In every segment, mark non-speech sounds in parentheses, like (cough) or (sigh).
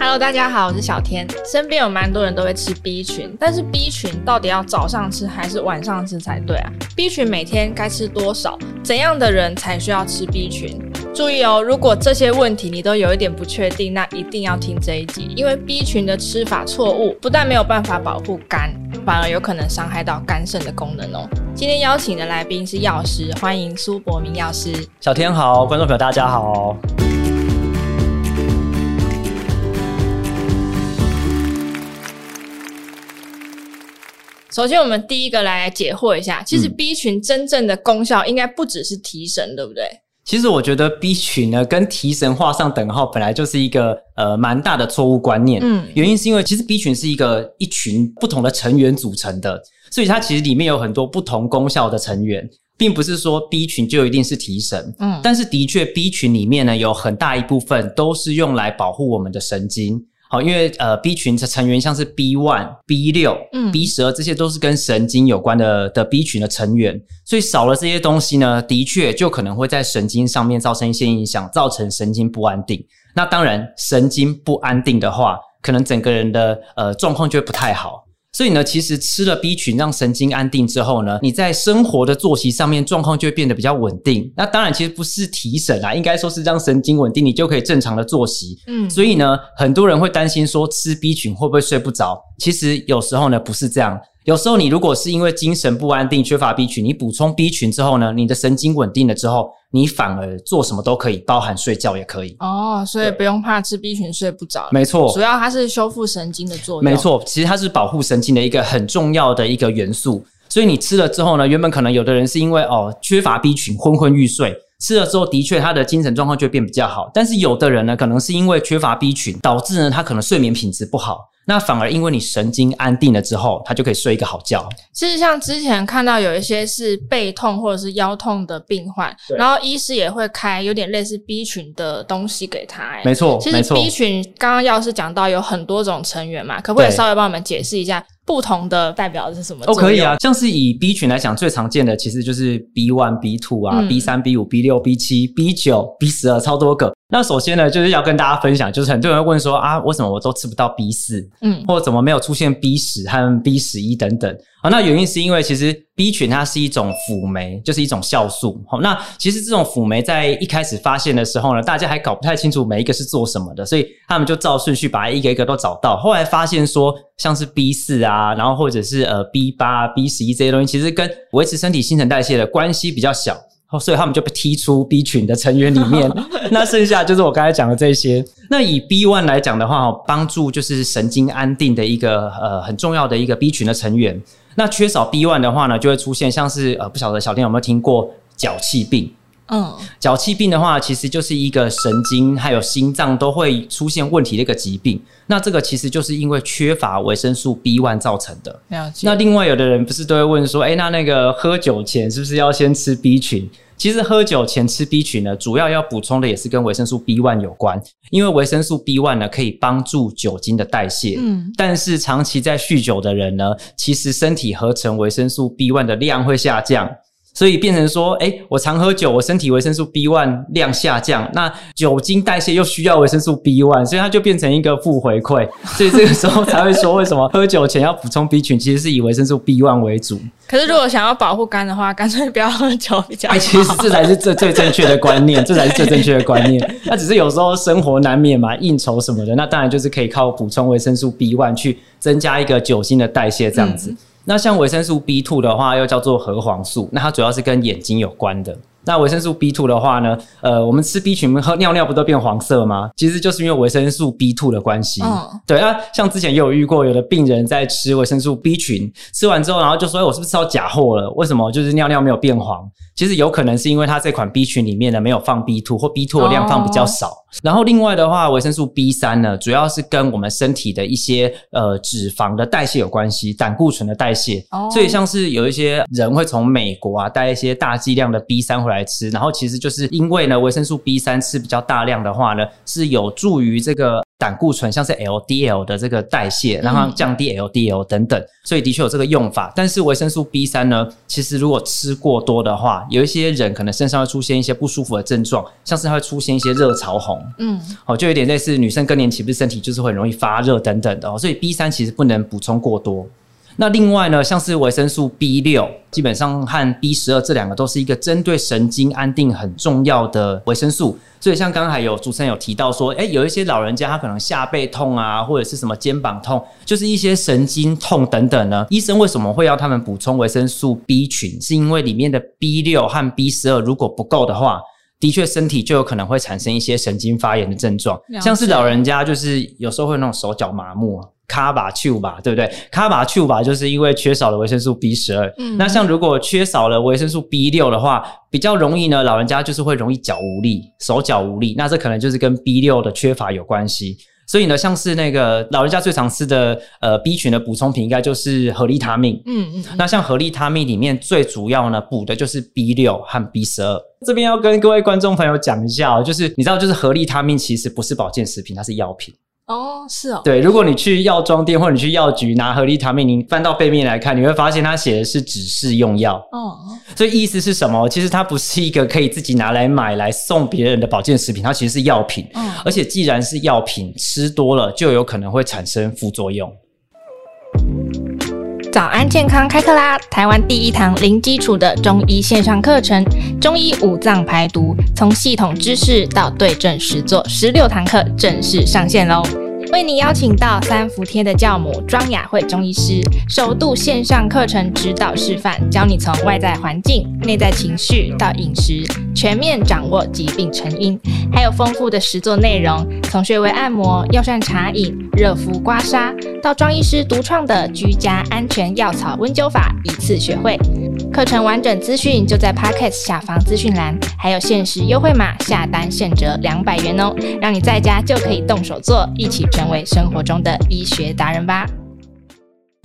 Hello，大家好，我是小天。身邊有蠻多人都會吃 B 群，但是 B 群到底要早上吃還是晚上吃才對啊？B 群每天該吃多少？怎樣的人才需要吃 B 群？注意哦，如果這些問題你都有一點不確定，那一定要聽這一集，因為 B 群的吃法錯誤，不但沒有辦法保護肝，反而有可能傷害到肝腎的功能哦。今天邀請的來賓是藥師，歡迎蘇柏名藥師。小天好，觀眾朋友大家好。首先，我們第一個來解惑一下。其實 B 群真正的功效應該不只是提神，嗯、對不對？其實我覺得 B 群呢，跟提神畫上等號，本來就是一個呃蠻大的錯誤觀念。嗯，原因是因為其實 B 群是一個一群不同的成員組成的，所以它其實裡面有很多不同功效的成員，並不是說 B 群就一定是提神。嗯，但是的確 B 群裡面呢，有很大一部分都是用來保護我們的神經。好，因為呃，B 群的成員像是 B1、B6、嗯、B12，這些都是跟神經有關的的 B 群的成員，所以少了這些東西呢，的確就可能會在神經上面造成一些影響，造成神經不安定。那當然，神經不安定的話，可能整個人的呃狀況就會不太好。所以呢，其實吃了 B 群讓神經安定之後呢，你在生活的作息上面狀況就會變得比較穩定。那當然，其實不是提神啦，啊，應該說是讓神經穩定，你就可以正常的作息。嗯，所以呢，很多人會擔心說吃 B 群會不會睡不着？其實有時候呢，不是這樣。有時候你如果是因為精神不安定、缺乏 B 群，你補充 B 群之後呢，你的神經穩定了之後，你反而做什麼都可以，包含睡覺也可以。哦，所以不用怕吃 B 群睡不着。對沒錯，主要它是修復神經的作用。沒錯，其實它是保護神經的一個很重要的一個元素。所以你吃了之後呢，原本可能有的人是因為哦缺乏 B 群昏昏欲睡，吃了之後的確他的精神狀況就會變比較好。但是有的人呢，可能是因為缺乏 B 群導致呢，他可能睡眠品質不好。那反而因為你神經安定了之後，他就可以睡一個好覺。其實像之前看到有一些是背痛或者是腰痛的病患，對然後醫師也會開有點類似 B 群的東西給他、欸。沒錯錯，其實 B 群剛剛藥師講到有很多種成員嘛，錯可不可以稍微幫我們解釋一下？不同的代表是什麼？都、oh, 可以啊，像是以 B 群來講，最常見的其實就是 B one、B two 啊、嗯、B 三、B 五、B 六、B 七、B 九、B 十二超多個。那首先呢，就是要跟大家分享，就是很多人會問說啊，為什麼我都吃不到 B 四？嗯，或者怎麼沒有出現 B 十和 B 十一等等？啊、嗯哦，那原因是因為其實。B 群它是一種輔酶，就是一種酵素。好，那其實這種輔酶在一開始發現的時候呢，大家還搞不太清楚每一個是做什麼的，所以他們就照順序把它一個一個都找到。後來發現說，像是 B 四啊，然後或者是呃 B 八、B 十一這些東西，其實跟維持身體新陳代謝的關係比較小，所以他們就被踢出 B 群的成員裡面。 (laughs) 那剩下就是我剛才講的這些。 (laughs) 那以 B one 來講的話，幫助就是神經安定的一個呃很重要的一個 B 群的成員。那缺少 B1 的話呢，就會出現像是呃，不曉得小天有沒有聽過腳氣病？嗯，oh. 腳氣病的話，其實就是一個神經還有心臟都會出現問題的一個疾病。那這個其實就是因為缺乏維生素 B one 造成的。了解。那另外，有的人不是都會問說，哎、欸，那那個喝酒前是不是要先吃 B 群？其實喝酒前吃 B 群呢，主要要補充的也是跟維生素 B one 有關，因為維生素 B one 呢，可以幫助酒精的代謝。嗯，但是長期在酗酒的人呢，其實身體合成維生素 B one 的量會下降。所以變成說，哎、欸，我常喝酒，我身體維生素 B 1量下降。那酒精代謝又需要維生素 B 1，所以它就變成一個負回饋。所以這個時候才會說，為什麼喝酒前要補充 B 群？其實是以維生素 B 1為主。可是如果想要保護肝的話，乾脆不要喝酒比較好啊。其實這才是最最正確的觀念，對這才是最正確的觀念。那只是有時候生活難免嘛，應酬什麼的，那當然就是可以靠補充維生素 B 1去增加一個酒精的代謝這樣子。嗯那像維生素 B two 的話，又叫做核黃素，那它主要是跟眼睛有關的。那維生素 B two 的話呢，呃，我們吃 B 群喝尿尿不都變黃色嗎？其實就是因為維生素 B two 的關係。哦。對那，啊，像之前也有遇過，有的病人在吃維生素 B 群，吃完之後，然後就說，哎：“我是不是吃到假貨了？為什麼就是尿尿沒有變黃？”其實有可能是因為它這款 B 群裡面呢沒有放 B two，或 B two 的量放比較少。哦。然後另外的話，維生素 B3 呢，主要是跟我們身體的一些呃脂肪的代謝有關係，膽固醇的代謝。Oh. 所以像是有一些人會從美國啊帶一些大劑量的 B3 回來吃，然後其實就是因為呢，維生素 B3 吃比較大量的話呢，是有助於這個。膽固醇像是 LDL 的這個代謝，然後降低 LDL 等等，嗯，所以的確有這個用法。但是維生素 B 三呢，其實如果吃過多的話，有一些人可能身上會出現一些不舒服的症狀，像是會出現一些熱潮紅，嗯，哦，就有點類似女生更年期，不是身體就是會很容易發熱等等的哦。所以 B 三其實不能補充過多。那另外呢，像是維生素 B 六，基本上和 B 十二這兩個都是一個針對神經安定很重要的維生素。所以像剛才有主持人有提到說，誒、欸、有一些老人家他可能下背痛啊，或者是什麼肩膀痛，就是一些神經痛等等呢。醫生為什麼會要他們補充維生素 B 群？是因為裡面的 B 六和 B 十二如果不夠的話，的確身體就有可能會產生一些神經發炎的症狀，了解。像是老人家就是有時候會那種手腳麻木啊。卡巴丘吧，對不對？卡巴丘吧，就是因為缺少了維生素 B 十二。嗯。那像如果缺少了維生素 B 六的話，比較容易呢，老人家就是會容易腳無力、手腳無力，那這可能就是跟 B 六的缺乏有關係。所以呢，像是那個老人家最常吃的呃 B 群的補充品，應該就是合利他命。嗯，嗯嗯。那像合利他命裡面最主要呢補，的就是 B 六和 B 十二。這邊要跟各位觀眾朋友講一下哦，就是你知道，就是合利他命其實不是保健食品，它是藥品。哦，oh, 是哦，對，哦、如果你去藥妝店或者你去藥局拿合利他命，你翻到背面來看，你會發現它寫的是指示用藥。哦，oh. 所以意思是什麼？其實它不是一個可以自己拿來買來送別人的保健食品，它其實是藥品。嗯，oh. 而且既然是藥品，吃多了就有可能會產生副作用。早安健康開課啦！台灣第一堂零基礎的中醫線上課程——中醫五臟排毒，從系統知識到對症實作，十六堂課正式上線嘍！為你邀請到三伏貼的教母莊雅慧中醫師，首度線上課程指導示範，教你從外在環境、內在情緒到飲食，全面掌握疾病成因，還有豐富的實作內容，從穴位按摩、藥膳茶飲、熱敷刮痧，到莊醫師獨創的居家安全藥草溫灸法，一次學會。課程完整資訊就在 Podcast 下方資訊欄，還有限時優惠碼，下單現折兩百元哦，讓你在家就可以動手做，一起成為生活中的醫學達人吧。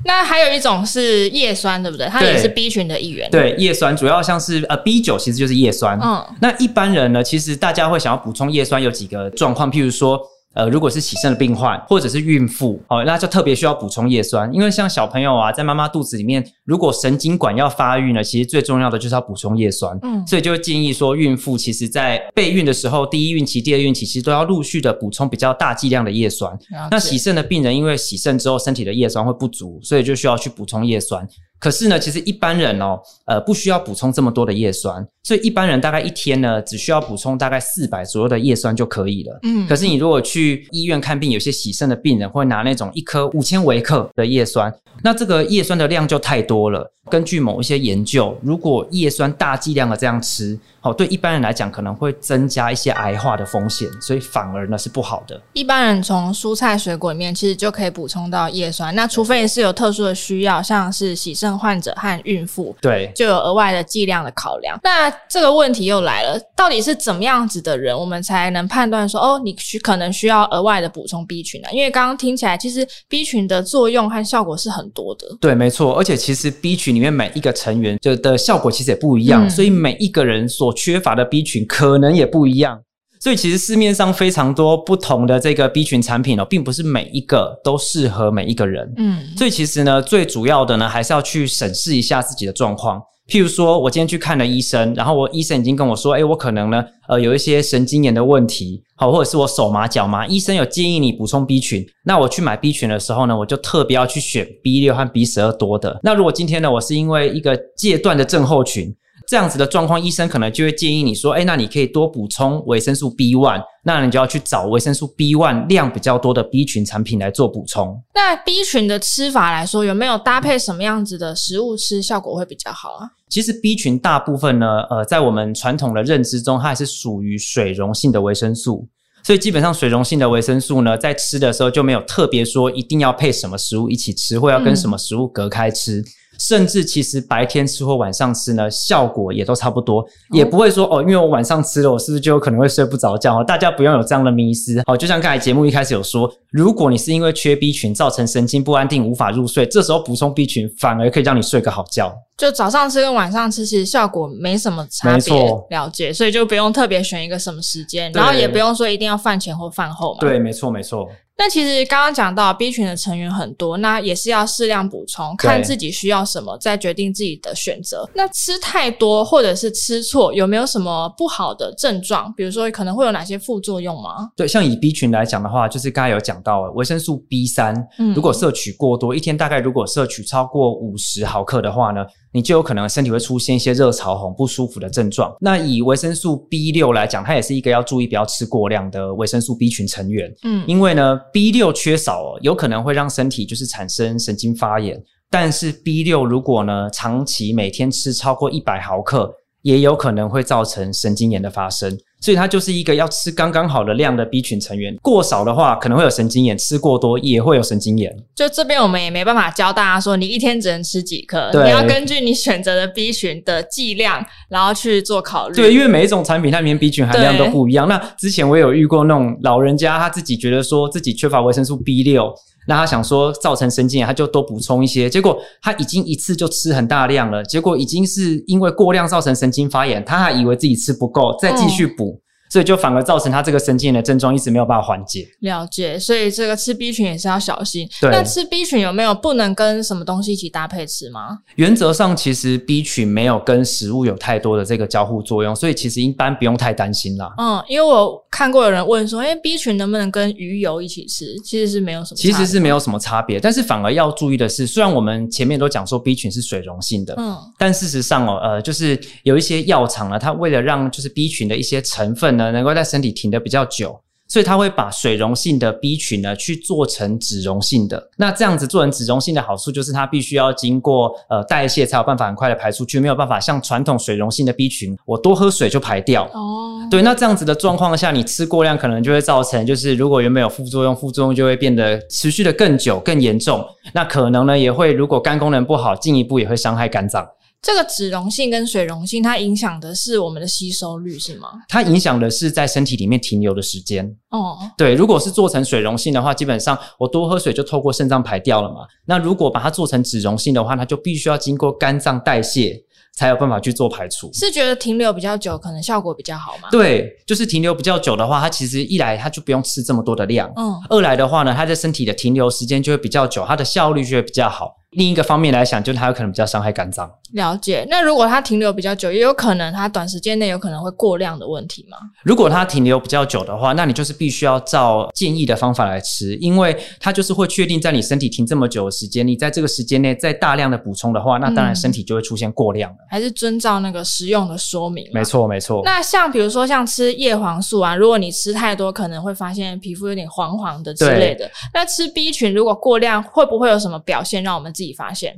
那還有一種是葉酸，對不對？它也是 B 群的一員對。對，葉酸主要像是呃 B 九，其實就是葉酸。嗯。那一般人呢，其實大家會想要補充葉酸，有幾個狀況，譬如說。呃，如果是洗腎的病患或者是孕婦，哦，那就特別需要補充葉酸，因為像小朋友啊，在媽媽肚子裡面，如果神經管要發育呢，其實最重要的就是要補充葉酸。嗯，所以就會建議說，孕婦其實在備孕的時候，第一孕期、第二孕期，其實都要陸續的補充比較大劑量的葉酸。了解。那洗腎的病人，因為洗腎之後身體的葉酸會不足，所以就需要去補充葉酸。可是呢，其實一般人哦，呃，不需要補充這麼多的葉酸。所以一般人大概一天呢，只需要補充大概四百左右的葉酸就可以了。嗯，可是你如果去醫院看病，有些洗腎的病人會拿那種一顆五千微克的葉酸，那這個葉酸的量就太多了。根據某一些研究，如果葉酸大劑量的這樣吃，好、哦、對一般人來講可能會增加一些癌化的風險，所以反而呢是不好的。一般人從蔬菜水果裡面其實就可以補充到葉酸，那除非是有特殊的需要，像是洗腎患者和孕婦，對，就有額外的劑量的考量。那這個問題又來了，到底是怎麼樣子的人，我們才能判斷說哦，你需可能需要額外的補充 B 群呢、啊？因為剛剛聽起來，其實 B 群的作用和效果是很多的。對，沒錯，而且其實 B 群裡面每一個成員就的效果其實也不一樣，嗯、所以每一個人所缺乏的 B 群可能也不一樣。所以其實市面上非常多不同的這個 B 群產品哦，並不是每一個都適合每一個人。嗯，所以其實呢，最主要的呢，還是要去審視一下自己的狀況。譬如說，我今天去看了醫生，然後我醫生已經跟我說，哎、欸，我可能呢，呃，有一些神經炎的問題，好，或者是我手麻腳麻，醫生有建議你補充 B 群，那我去買 B 群的時候呢，我就特別要去選 B 六和 B 十二多的。那如果今天呢，我是因為一個戒斷的症候群。這樣子的狀況，醫生可能就會建議你說：“哎、欸，那你可以多補充維生素 B one，那你就要去找維生素 B one 量比較多的 B 群產品來做補充。”那 B 群的吃法來說，有沒有搭配什麼樣子的食物吃效果會比較好啊？其實 B 群大部分呢，呃，在我們傳統的認知中，它還是屬於水溶性的維生素，所以基本上水溶性的維生素呢，在吃的時候就沒有特別說一定要配什麼食物一起吃，或要跟什麼食物隔開吃。嗯甚至其實白天吃或晚上吃呢，效果也都差不多，嗯、也不會說哦，因為我晚上吃了，我是不是就有可能會睡不着覺？哦，大家不用有這樣的迷思。好，就像剛才節目一開始有說，如果你是因為缺 B 群造成神經不安定無法入睡，這時候補充 B 群反而可以讓你睡個好覺。就早上吃跟晚上吃其實效果沒什麼差別，錯了解，所以就不用特別選一個什麼時間，對然後也不用說一定要飯前或飯後嘛。對，沒錯，沒錯。那其實剛剛講到 B 群的成員很多，那也是要適量補充，看自己需要什麼，對再決定自己的選擇。那吃太多或者是吃錯，有沒有什麼不好的症狀？比如說可能會有哪些副作用嗎？對，像以 B 群來講的話，就是剛才有講到維生素 B 三，如果攝取過多，嗯、一天大概如果攝取超過五十毫克的話呢？你就有可能身體會出現一些熱潮紅、不舒服的症狀。那以維生素 B 六來講，它也是一個要注意不要吃過量的維生素 B 群成員。嗯，因為呢，B 六缺少，有可能會讓身體就是產生神經發炎。但是 B 六如果呢，長期每天吃超過一百毫克，也有可能會造成神經炎的發生，所以它就是一個要吃剛剛好的量的 B 群成員。過少的話，可能會有神經炎；吃過多也會有神經炎。就這邊我們也沒辦法教大家說，你一天只能吃幾顆，對你要根據你選擇的 B 群的劑量，然後去做考慮。對，因為每一種產品它裡面 B 群含量都不一樣。對那之前我有遇過那種老人家，他自己覺得說自己缺乏維生素 B 六。那他想說造成神經炎，他就多補充一些。結果他已經一次就吃很大量了，結果已經是因為過量造成神經發炎。他還以為自己吃不夠，再繼續補。嗯。所以就反而造成他這個神經炎的症狀一直沒有辦法緩解。了解，所以這個吃 B 群也是要小心。對，那吃 B 群有沒有不能跟什麼東西一起搭配吃嗎？原則上其實 B 群沒有跟食物有太多的這個交互作用，所以其實一般不用太擔心啦。嗯，因為我看過有人問說，哎，B 群能不能跟魚油一起吃？其實是沒有什麼，其實是沒有什麼差別。但是反而要注意的是，雖然我們前面都講說 B 群是水溶性的，嗯，但事實上哦，呃，就是有一些藥廠呢，它為了讓就是 B 群的一些成分呢。呃，能夠在身體停得比較久，所以它會把水溶性的 B 群呢，去做成脂溶性的。那這樣子做成脂溶性的好處就是，它必須要經過呃代謝才有辦法很快的排出去，沒有辦法像傳統水溶性的 B 群，我多喝水就排掉。哦，oh. 對，那這樣子的狀況下，你吃過量可能就會造成，就是如果原本有副作用，副作用就會變得持續的更久、更嚴重。那可能呢，也會如果肝功能不好，進一步也會傷害肝臟。這個脂溶性跟水溶性，它影響的是我們的吸收率，是嗎？它影響的是在身體裡面停留的時間。哦、嗯，對，如果是做成水溶性的話，基本上我多喝水就透過腎臟排掉了嘛。那如果把它做成脂溶性的話，它就必須要經過肝臟代謝，才有辦法去做排除。是覺得停留比較久，可能效果比較好嗎？對，就是停留比較久的話，它其實一來它就不用吃這麼多的量，嗯，二來的話呢，它在身體的停留時間就會比較久，它的效率就會比較好。另一個方面來想，就是它有可能比較傷害肝臟。了解那如果它停留比較久，也有可能它短時間內有可能會過量的問題嗎？如果它停留比較久的話，那你就是必須要照建議的方法來吃，因為它就是會確定在你身體停這麼久的時間，你在這個時間內再大量的補充的話，那當然身體就會出現過量了。嗯、還是遵照那個食用的說明沒。沒錯，沒錯。那像比如說像吃葉黃素啊，如果你吃太多，可能會發現皮膚有點黃黃的之類的。對那吃 B 群如果過量，會不會有什麼表現讓我們自己？自己發現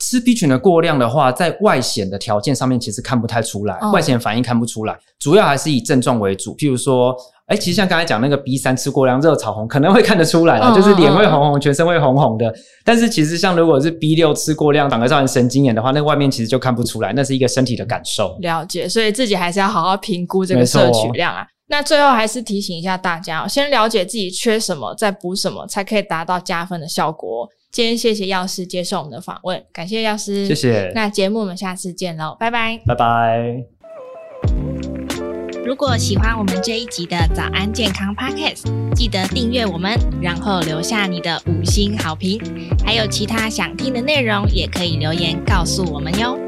吃 B 群的過量的話，在外顯的條件上面其實看不太出來，哦、外顯反應看不出來，主要還是以症狀為主。譬如說，哎、欸，其實像剛才講那個 B 三吃過量，熱炒紅可能會看得出來了，嗯嗯嗯，就是臉會紅紅，全身會紅紅的。但是其實像如果是 B 六吃過量，反而造成神經炎的話，那外面其實就看不出來，那是一個身體的感受。嗯、了解，所以自己還是要好好評估這個攝取量啊。那最後還是提醒一下大家，先了解自己缺什麼，再補什麼，才可以達到加分的效果。今天謝謝藥師接受我們的訪問，感謝藥師，謝謝。那節目我們下次見嘍，拜拜。拜拜。如果喜歡我們這一集的早安健康 Podcast，記得訂閱我們，然後留下你的五星好評。還有其他想聽的內容，也可以留言告訴我們喲。